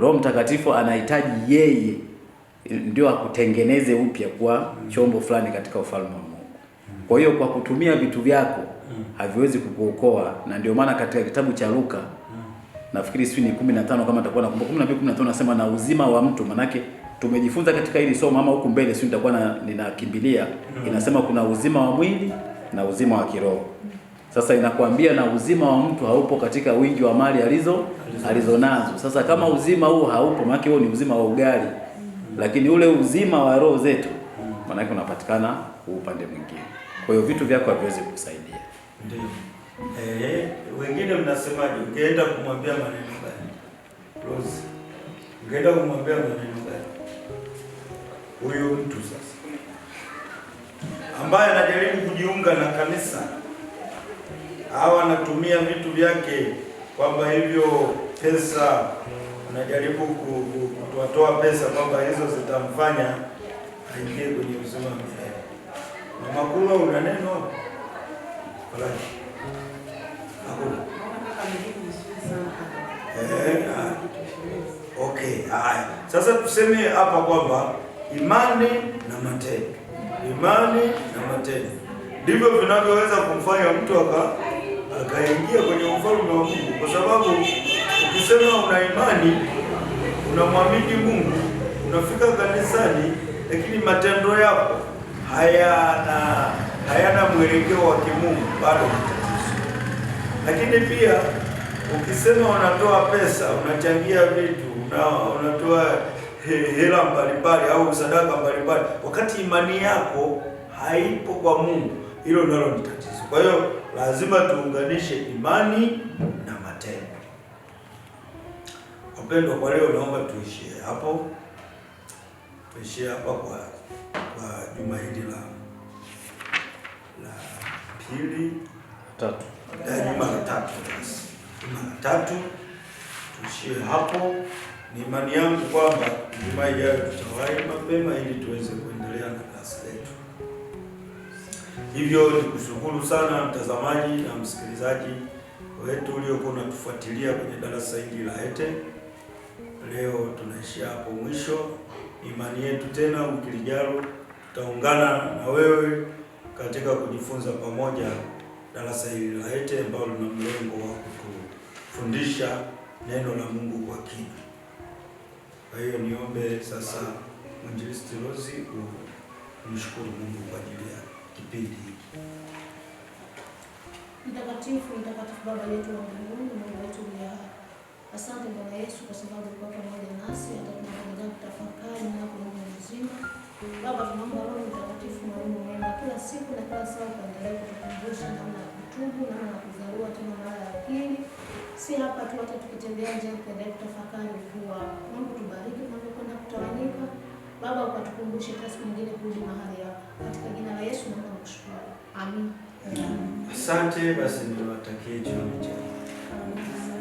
Roho Mtakatifu anahitaji yeye ndio akutengeneze upya kwa chombo fulani katika ufalme wa Mungu. Kwa hiyo kwa kutumia vitu vyako haviwezi kukuokoa, na ndio maana katika kitabu cha Luka nafikiri sijui ni 15 kama nitakuwa nakumbuka 12 15, nasema na uzima wa mtu. Manake tumejifunza katika hili somo ama huku mbele sijui nitakuwa ninakimbilia, inasema kuna uzima wa mwili na uzima wa kiroho. Sasa inakwambia na uzima wa mtu haupo katika wingi wa mali alizo alizonazo. Sasa kama uzima huu haupo, maana huo ni uzima wa ugali, lakini ule uzima wa roho zetu maanake unapatikana upande mwingine. Kwa hiyo vitu vyako haviwezi kusaidia Eh, wengine mnasemaje? Ukienda kumwambia maneno gani? Rose. Ukienda kumwambia maneno gani? Huyo mtu sasa ambaye anajaribu kujiunga na kanisa hawa anatumia vitu vyake, kwamba hivyo pesa anajaribu kutoatoa pesa kwamba hizo zitamfanya aingie kwenye uzima wa milele. Mama una neno eh? Ah. Okay, sasa tuseme hapa kwamba imani na matendo, imani na matendo ndivyo vinavyoweza kumfanya mtu aka akaingia kwenye ufalme wa Mungu, kwa sababu ukisema una imani, unamwamini Mungu, unafika kanisani, lakini matendo yako hayana hayana mwelekeo wa kimungu, bado ni tatizo. Lakini pia ukisema unatoa pesa, unachangia vitu, una, unatoa hela mbalimbali au sadaka mbalimbali, wakati imani yako haipo kwa Mungu, hilo nalo ni tatizo. Kwa hiyo lazima tuunganishe imani na matendo. Wapendwa, kwa leo naomba tuishie hapo, tuishie hapa kwa kwa juma hili la la pili tatu, juma la tatu, juma la tatu, tuishie hapo. Ni imani yangu kwamba juma ijayo tutawahi mapema ili tuweze kuendelea na kazi letu. Hivyo ni kushukuru sana mtazamaji na msikilizaji wetu uliokuwa unatufuatilia kwenye darasa hili la ETE. Leo tunaishia hapo mwisho. Imani yetu tena wiki lijalo tutaungana na wewe katika kujifunza pamoja darasa hili la ETE ambalo lina mlengo wa kutufundisha neno la Mungu kwa kina. Kwa hiyo niombe sasa mwinjilisti Rozi umshukuru Mungu kwa ajili yake kipindi hiki. Mtakatifu, mtakatifu Baba yetu wa mbinguni, Mungu wetu ulia asante Bwana Yesu kwa sababu ulikuwa pamoja nasi hata tunapoanza kutafakari na kuomba uzima. Baba, tunaomba Roho Mtakatifu mwalimu mwema kila siku na kila saa kuendelea kutukumbusha namna ya kutubu, namna ya kuzaliwa tena mara ya pili. Si hapa tu, hata tukitembea nje tuendelee kutafakari kuwa Mungu tubariki tunapokwenda kutawanyika. Baba, ukatukumbushe kesi nyingine kurudi mahali hapa katika jina la Yesu. na Amina. Asante basi, ndio jioni njema.